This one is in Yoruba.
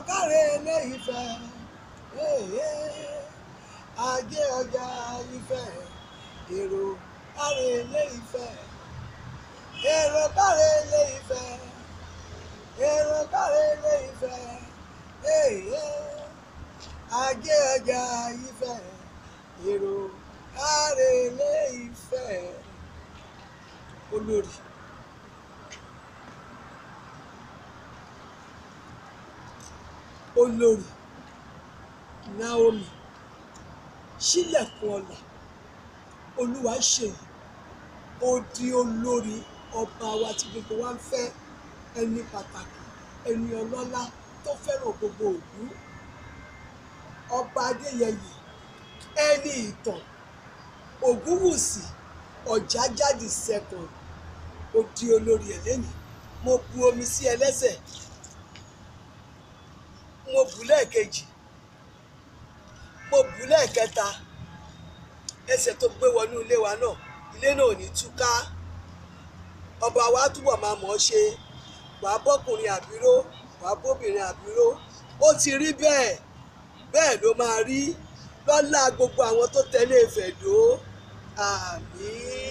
ọ̀kàrẹ́ ilé Ifẹ̀ ajé ọjà Ifẹ̀ èrò kárẹ́ ilé Ifẹ̀ èrò kárẹ́ ilé Ifẹ̀ èrò kárẹ́ ilé Ifẹ̀ ajé ọjà Ifẹ̀ èrò kárẹ́ ilé Ifẹ̀ olórí. olórí naomi ṣílẹ̀kùn ọlà olúwa ṣèyí ó di olórí ọba wa tí gbogbo wa ń fẹ́ ẹni pàtàkì ẹni ọlọ́lá tó fẹ́ràn gbogbo òlú ọba adéyẹyè ẹni ìtàn ògúnwùsì ọ̀jájáde second ó di olórí ẹ̀ lẹ́yìn mo bu omi sí ẹ bù lẹ́ẹ̀kejì mo bù lẹ́ẹ̀kẹta ẹsẹ̀ tó gbé wọnú ilé wa náà ilé náà ò ní túká ọba wa túbọ̀ máa mọ̀ ọ́ ṣe wàá bọ́kùnrin àbíró wàá bóbìnrin àbíró ó ti rí bẹ́ẹ̀ bẹ́ẹ̀ ló máa rí lọ́lá gbogbo àwọn tó tẹ̀lé ìfẹ̀dó àmín.